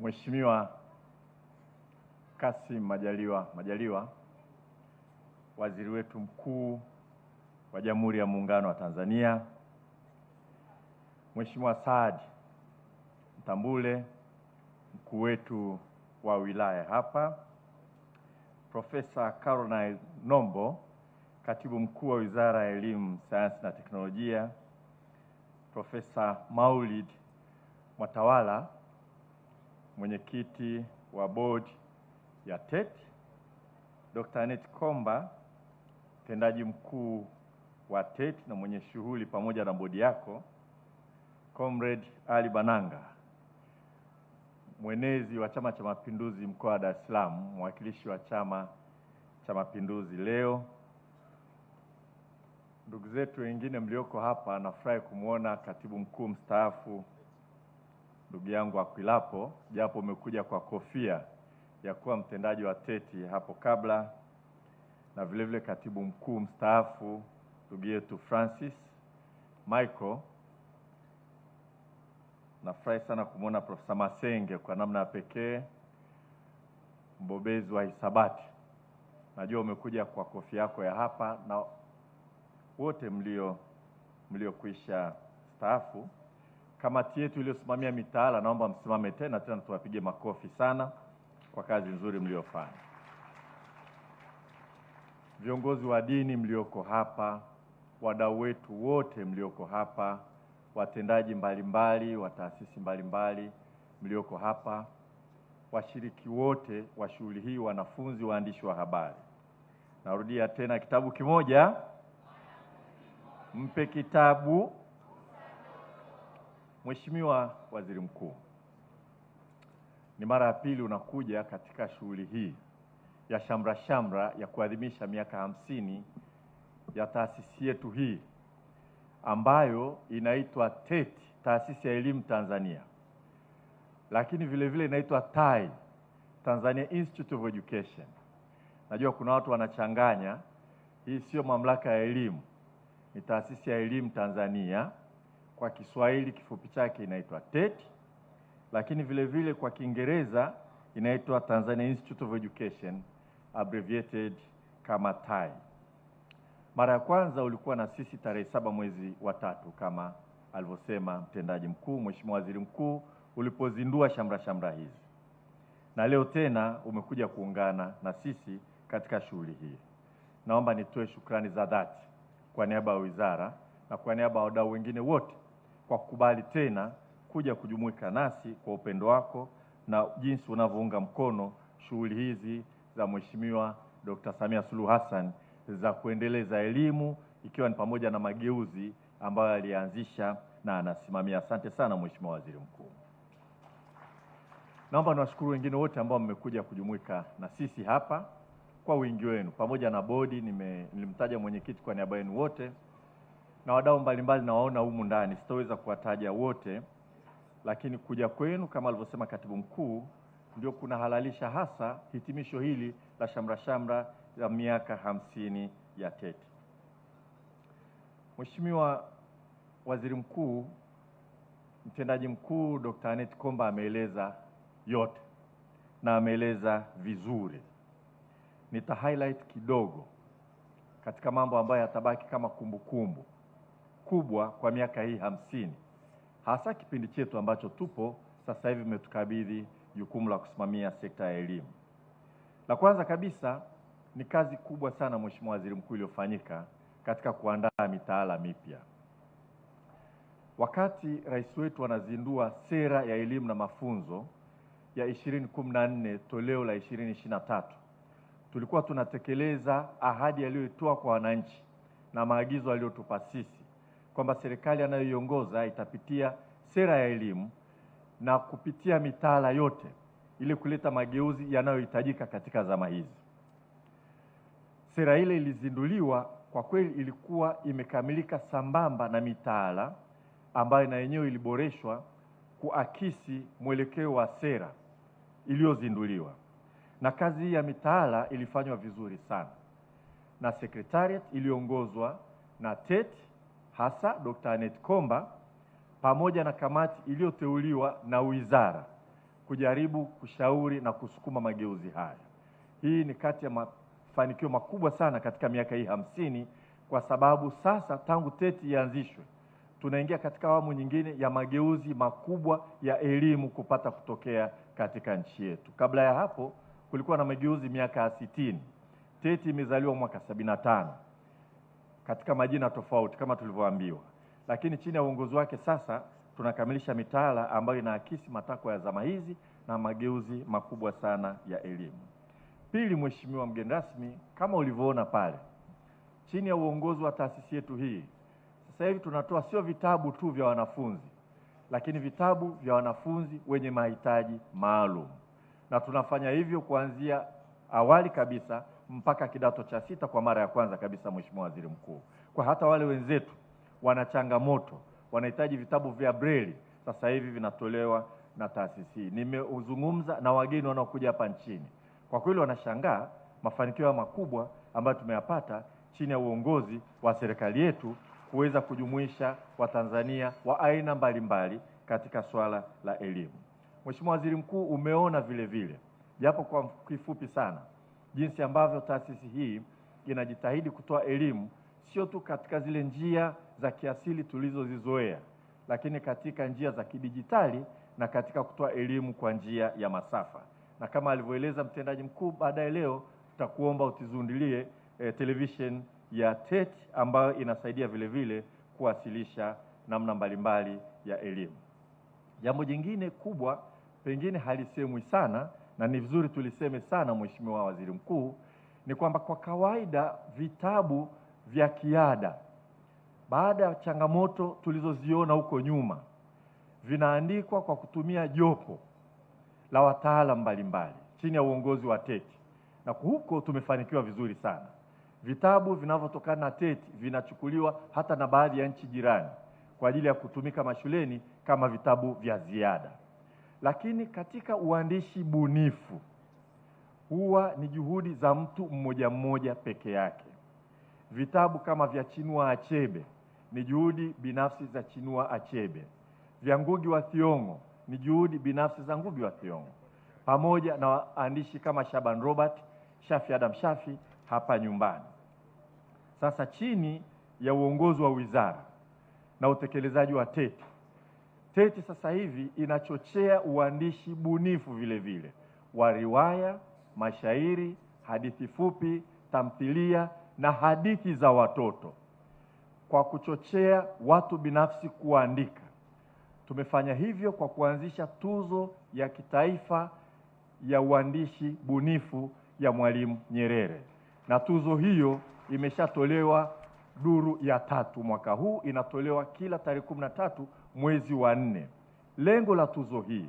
Mheshimiwa Kassim Majaliwa Majaliwa, waziri wetu mkuu wa Jamhuri ya Muungano wa Tanzania, Mheshimiwa Saad Mtambule, mkuu wetu wa wilaya hapa, Profesa Caroline Nombo, katibu mkuu wa Wizara ya Elimu, Sayansi na Teknolojia, Profesa Maulid Mwatawala mwenyekiti wa bodi ya TET, Dr. Annette Komba, mtendaji mkuu wa TET na mwenye shughuli pamoja na bodi yako, Comrade Ali Bananga, mwenezi wa Chama cha Mapinduzi mkoa wa Dar es Salaam, mwakilishi wa Chama cha Mapinduzi leo, ndugu zetu wengine mlioko hapa, nafurahi kumwona katibu mkuu mstaafu ndugu yangu Akwilapo, japo umekuja kwa kofia ya kuwa mtendaji wa TETI hapo kabla, na vile vile katibu mkuu mstaafu ndugu yetu Francis Michael. Nafurahi sana kumwona Profesa Masenge kwa namna ya pekee, mbobezi wa hisabati. Najua umekuja kwa kofia yako ya hapa, na wote mlio mliokuisha staafu Kamati yetu iliyosimamia mitaala, naomba msimame tena tena, tuwapige makofi sana kwa kazi nzuri mliyofanya. Viongozi wa dini mlioko hapa, wadau wetu wote mlioko hapa, watendaji mbalimbali wa taasisi mbalimbali mlioko hapa, washiriki wote wa shughuli hii, wanafunzi, waandishi wa habari, narudia tena, kitabu kimoja mpe kitabu Mheshimiwa Waziri Mkuu, ni mara ya pili unakuja katika shughuli hii ya shamra shamra ya kuadhimisha miaka hamsini ya taasisi yetu hii ambayo inaitwa TET, Taasisi ya Elimu Tanzania, lakini vile vile inaitwa TAI, Tanzania Institute of Education. Najua kuna watu wanachanganya. Hii sio mamlaka ya elimu, ni taasisi ya elimu Tanzania kwa Kiswahili kifupi chake inaitwa TET, lakini vile vile kwa Kiingereza inaitwa Tanzania Institute of Education abbreviated kama TAI. Mara ya kwanza ulikuwa na sisi tarehe saba mwezi wa tatu kama alivyosema mtendaji mkuu, Mheshimiwa Waziri Mkuu, ulipozindua shamra shamra hizi, na leo tena umekuja kuungana na sisi katika shughuli hii. Naomba nitoe shukrani za dhati kwa niaba ya wizara na kwa niaba ya wadau wengine wote kwa kukubali tena kuja kujumuika nasi kwa upendo wako na jinsi unavyounga mkono shughuli hizi za Mheshimiwa Dr. Samia Suluhu Hassan za kuendeleza elimu ikiwa ni pamoja na mageuzi ambayo alianzisha na anasimamia. Asante sana Mheshimiwa Waziri Mkuu. Naomba niwashukuru wengine wote ambao mmekuja kujumuika na sisi hapa kwa wingi wenu, pamoja na bodi. Nilimtaja mwenyekiti kwa niaba yenu wote na wadau mbalimbali nawaona humu ndani, sitaweza kuwataja wote, lakini kuja kwenu kama alivyosema katibu mkuu ndio kunahalalisha hasa hitimisho hili la shamra shamra la miaka hamsini ya Tete. Mheshimiwa Waziri Mkuu, mtendaji mkuu Dr. Annette Komba ameeleza yote na ameeleza vizuri. Nita highlight kidogo katika mambo ambayo yatabaki kama kumbukumbu kumbu kubwa kwa miaka hii hamsini, hasa kipindi chetu ambacho tupo sasa hivi umetukabidhi jukumu la kusimamia sekta ya elimu. La kwanza kabisa ni kazi kubwa sana, Mheshimiwa Waziri Mkuu, iliyofanyika katika kuandaa mitaala mipya. Wakati rais wetu anazindua sera ya elimu na mafunzo ya 2014 toleo la 2023 tulikuwa tunatekeleza ahadi aliyoitoa kwa wananchi na maagizo aliyotupa sisi kwamba serikali anayoiongoza itapitia sera ya elimu na kupitia mitaala yote ili kuleta mageuzi yanayohitajika katika zama hizi. Sera ile ilizinduliwa, kwa kweli ilikuwa imekamilika sambamba na mitaala ambayo na yenyewe iliboreshwa kuakisi mwelekeo wa sera iliyozinduliwa, na kazi hii ya mitaala ilifanywa vizuri sana na Secretariat iliongozwa na TET hasa Dr. anet Komba pamoja na kamati iliyoteuliwa na wizara kujaribu kushauri na kusukuma mageuzi haya. Hii ni kati ya mafanikio makubwa sana katika miaka hii hamsini kwa sababu sasa tangu teti ianzishwe tunaingia katika awamu nyingine ya mageuzi makubwa ya elimu kupata kutokea katika nchi yetu. Kabla ya hapo kulikuwa na mageuzi miaka ya sitini. Teti imezaliwa mwaka sabini na tano katika majina tofauti kama tulivyoambiwa, lakini chini ya uongozi wake sasa tunakamilisha mitaala ambayo inaakisi matakwa ya zama hizi na mageuzi makubwa sana ya elimu. Pili, Mheshimiwa mgeni rasmi, kama ulivyoona pale, chini ya uongozi wa taasisi yetu hii sasa hivi tunatoa sio vitabu tu vya wanafunzi, lakini vitabu vya wanafunzi wenye mahitaji maalum, na tunafanya hivyo kuanzia awali kabisa mpaka kidato cha sita kwa mara ya kwanza kabisa, Mheshimiwa Waziri Mkuu. Kwa hata wale wenzetu wana changamoto, wanahitaji vitabu vya breli, sasa hivi vinatolewa na taasisi hii. Nimezungumza na wageni wanaokuja hapa nchini, kwa kweli wanashangaa mafanikio makubwa ambayo tumeyapata chini ya uongozi wa serikali yetu kuweza kujumuisha Watanzania wa aina mbalimbali katika swala la elimu. Mheshimiwa Waziri Mkuu, umeona vile vile japo kwa kifupi sana jinsi ambavyo taasisi hii inajitahidi kutoa elimu sio tu katika zile njia za kiasili tulizozizoea, lakini katika njia za kidijitali na katika kutoa elimu kwa njia ya masafa. Na kama alivyoeleza mtendaji mkuu, baadaye leo tutakuomba utizundulie eh, television ya TET ambayo inasaidia vile vile kuwasilisha namna mbalimbali ya elimu. Jambo jingine kubwa pengine halisemwi sana na ni vizuri tuliseme sana, Mheshimiwa Waziri Mkuu, ni kwamba kwa kawaida vitabu vya kiada baada ya changamoto tulizoziona huko nyuma vinaandikwa kwa kutumia jopo la wataalamu mbalimbali chini ya uongozi wa TETI, na huko tumefanikiwa vizuri sana. Vitabu vinavyotokana na TETI vinachukuliwa hata na baadhi ya nchi jirani kwa ajili ya kutumika mashuleni kama vitabu vya ziada. Lakini katika uandishi bunifu huwa ni juhudi za mtu mmoja mmoja peke yake. Vitabu kama vya Chinua Achebe ni juhudi binafsi za Chinua Achebe, vya Ngugi wa Thiong'o ni juhudi binafsi za Ngugi wa Thiong'o, pamoja na waandishi kama Shaban Robert, Shafi Adam Shafi hapa nyumbani. Sasa chini ya uongozi wa wizara na utekelezaji wa teti teti sasa hivi inachochea uandishi bunifu vile vile wa riwaya, mashairi, hadithi fupi, tamthilia na hadithi za watoto. Kwa kuchochea watu binafsi kuandika, tumefanya hivyo kwa kuanzisha tuzo ya kitaifa ya uandishi bunifu ya Mwalimu Nyerere, na tuzo hiyo imeshatolewa duru ya tatu mwaka huu, inatolewa kila tarehe kumi na tatu mwezi wa nne. Lengo la tuzo hii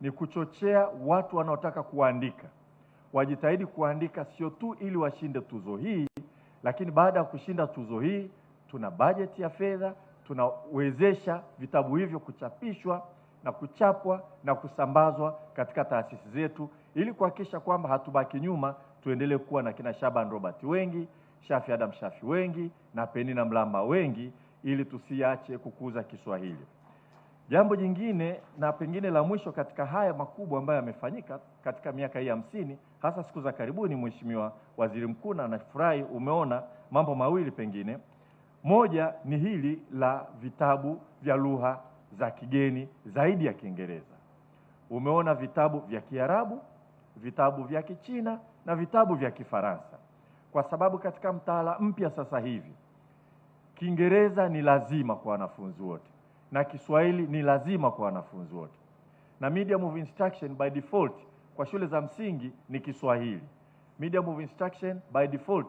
ni kuchochea watu wanaotaka kuandika wajitahidi kuandika, sio tu ili washinde tuzo hii, lakini baada ya kushinda tuzo hii, tuna bajeti ya fedha, tunawezesha vitabu hivyo kuchapishwa na kuchapwa na kusambazwa katika taasisi zetu ili kuhakikisha kwamba hatubaki nyuma, tuendelee kuwa na kina Shaban Robert wengi, Shafi Adam Shafi wengi na Penina Mlamba wengi ili tusiache kukuza Kiswahili. Jambo jingine na pengine la mwisho katika haya makubwa ambayo yamefanyika katika miaka hii hamsini, hasa siku za karibuni, Mheshimiwa Waziri Mkuu, na nafurahi umeona mambo mawili, pengine moja ni hili la vitabu vya lugha za kigeni zaidi ya Kiingereza. Umeona vitabu vya Kiarabu, vitabu vya Kichina na vitabu vya Kifaransa, kwa sababu katika mtaala mpya sasa hivi Kiingereza ni lazima kwa wanafunzi wote na Kiswahili ni lazima kwa wanafunzi wote, na medium of instruction by default kwa shule za msingi ni Kiswahili. Medium of instruction by default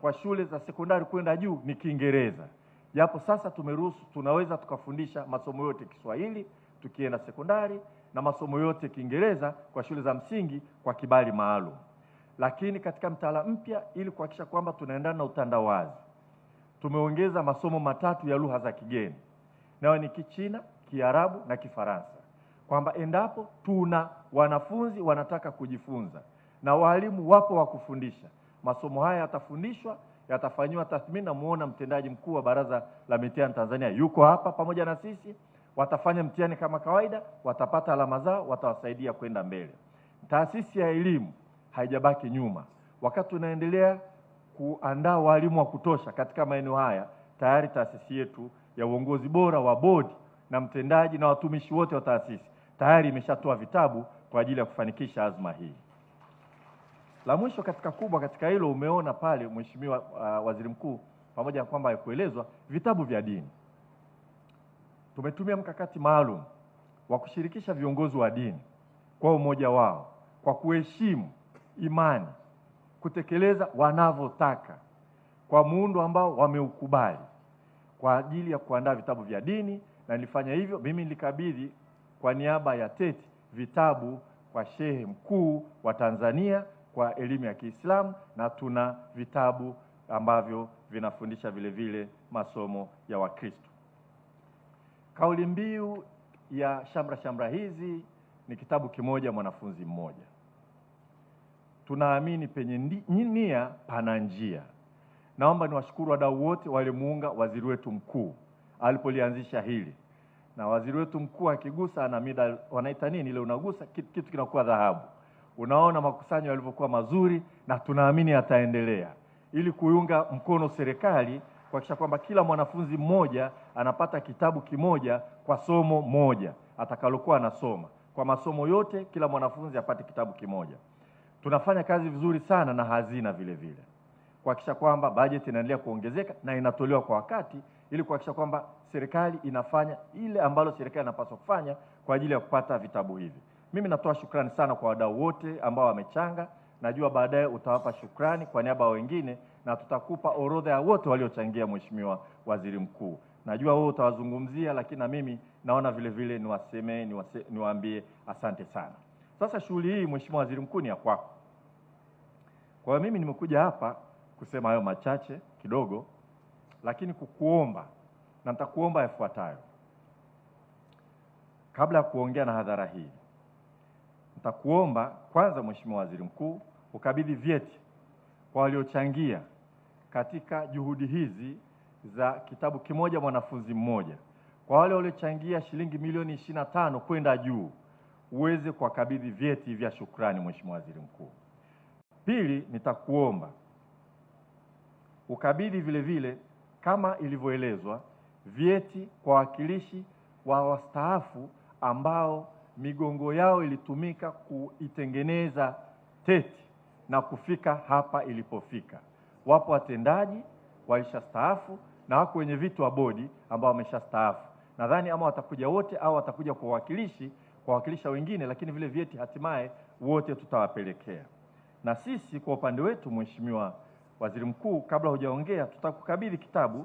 kwa shule za sekondari kwenda juu ni Kiingereza, japo sasa tumeruhusu, tunaweza tukafundisha masomo yote Kiswahili tukienda sekondari na masomo yote Kiingereza kwa shule za msingi kwa kibali maalum. Lakini katika mtaala mpya, ili kuhakikisha kwamba tunaendana na utandawazi tumeongeza masomo matatu ya lugha za kigeni, nayo ni Kichina, Kiarabu na Kifaransa, kwamba endapo tuna wanafunzi wanataka kujifunza na walimu wapo wa kufundisha, masomo haya yatafundishwa, yatafanyiwa tathmini. Namuona mtendaji mkuu wa Baraza la Mitihani Tanzania yuko hapa pamoja na sisi. Watafanya mtihani kama kawaida, watapata alama zao, watawasaidia kwenda mbele. Taasisi ya elimu haijabaki nyuma, wakati tunaendelea kuandaa walimu wa kutosha katika maeneo haya, tayari taasisi yetu ya uongozi bora wa bodi na mtendaji na watumishi wote wa taasisi tayari imeshatoa vitabu kwa ajili ya kufanikisha azma hii. La mwisho katika kubwa katika hilo, umeona pale Mheshimiwa uh, Waziri Mkuu, pamoja na kwamba haikuelezwa, vitabu vya dini. Tumetumia mkakati maalum wa kushirikisha viongozi wa dini kwa umoja wao, kwa kuheshimu imani kutekeleza wanavyotaka kwa muundo ambao wameukubali kwa ajili ya kuandaa vitabu vya dini, na nilifanya hivyo mimi, nilikabidhi kwa niaba ya TET vitabu kwa shehe mkuu wa Tanzania kwa elimu ya Kiislamu, na tuna vitabu ambavyo vinafundisha vile vile masomo ya Wakristo. Kauli mbiu ya shamra shamra hizi ni kitabu kimoja mwanafunzi mmoja tunaamini penye nia pana njia. Naomba niwashukuru wadau wote walimuunga waziri wetu mkuu alipolianzisha hili, na waziri wetu mkuu akigusa na mida wanaita nini ile, unagusa kitu, kitu kinakuwa dhahabu. Unaona makusanyo yalivyokuwa mazuri, na tunaamini ataendelea ili kuiunga mkono serikali kuhakikisha kwamba kila mwanafunzi mmoja anapata kitabu kimoja kwa somo moja atakalokuwa anasoma. Kwa masomo yote, kila mwanafunzi apate kitabu kimoja tunafanya kazi vizuri sana na hazina vile vile kuhakikisha kwamba bajeti inaendelea kuongezeka na inatolewa kwa wakati ili kuhakikisha kwamba serikali inafanya ile ambalo serikali inapaswa kufanya kwa ajili ya kupata vitabu hivi. Mimi natoa shukrani sana kwa wadau wote ambao wamechanga. Najua baadaye utawapa shukrani kwa niaba wengine, na tutakupa orodha ya wote waliochangia, Mheshimiwa Waziri Mkuu. Najua wewe utawazungumzia, lakini na mimi naona vile vile niwasemee, niwaambie asante sana. Sasa shughuli hii Mheshimiwa Waziri Mkuu ni ya kwako. Kwa hiyo mimi nimekuja hapa kusema hayo machache kidogo, lakini kukuomba na nitakuomba yafuatayo. Kabla ya kuongea na hadhara hii, nitakuomba kwanza, Mheshimiwa Waziri Mkuu, ukabidhi vyeti kwa waliochangia katika juhudi hizi za kitabu kimoja mwanafunzi mmoja, kwa wale waliochangia shilingi milioni ishirini na tano kwenda juu uweze kuwakabidhi vyeti vya shukrani Mheshimiwa Waziri Mkuu. Pili, nitakuomba ukabidhi vile vile kama ilivyoelezwa vyeti kwa wawakilishi wa wastaafu ambao migongo yao ilitumika kuitengeneza teti na kufika hapa ilipofika. Wapo watendaji walishastaafu na wako wenye viti wa bodi ambao wameshastaafu. Nadhani ama watakuja wote au watakuja kwa wawakilishi kuwakilisha wengine, lakini vile vyeti hatimaye wote tutawapelekea. Na sisi kwa upande wetu, Mheshimiwa Waziri Mkuu, kabla hujaongea, tutakukabidhi kitabu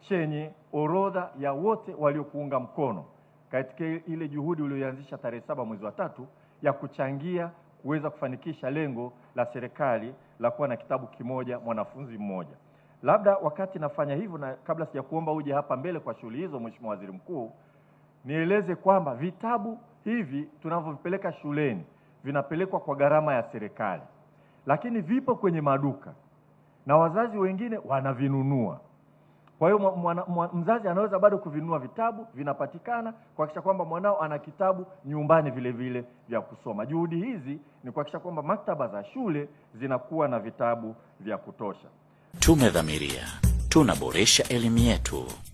chenye orodha ya wote waliokuunga mkono katika ile juhudi ulioianzisha tarehe saba mwezi wa tatu ya kuchangia kuweza kufanikisha lengo la serikali la kuwa na kitabu kimoja mwanafunzi mmoja. Labda wakati nafanya hivyo na kabla sijakuomba uje hapa mbele kwa shughuli hizo, Mheshimiwa Waziri Mkuu, nieleze kwamba vitabu hivi tunavyovipeleka shuleni vinapelekwa kwa gharama ya serikali, lakini vipo kwenye maduka na wazazi wengine wanavinunua. Kwa hiyo mzazi anaweza bado kuvinunua vitabu, vinapatikana kuhakikisha kwamba mwanao ana kitabu nyumbani vile vile vya kusoma. Juhudi hizi ni kuhakikisha kwamba maktaba za shule zinakuwa na vitabu vya kutosha. Tumedhamiria tunaboresha elimu yetu.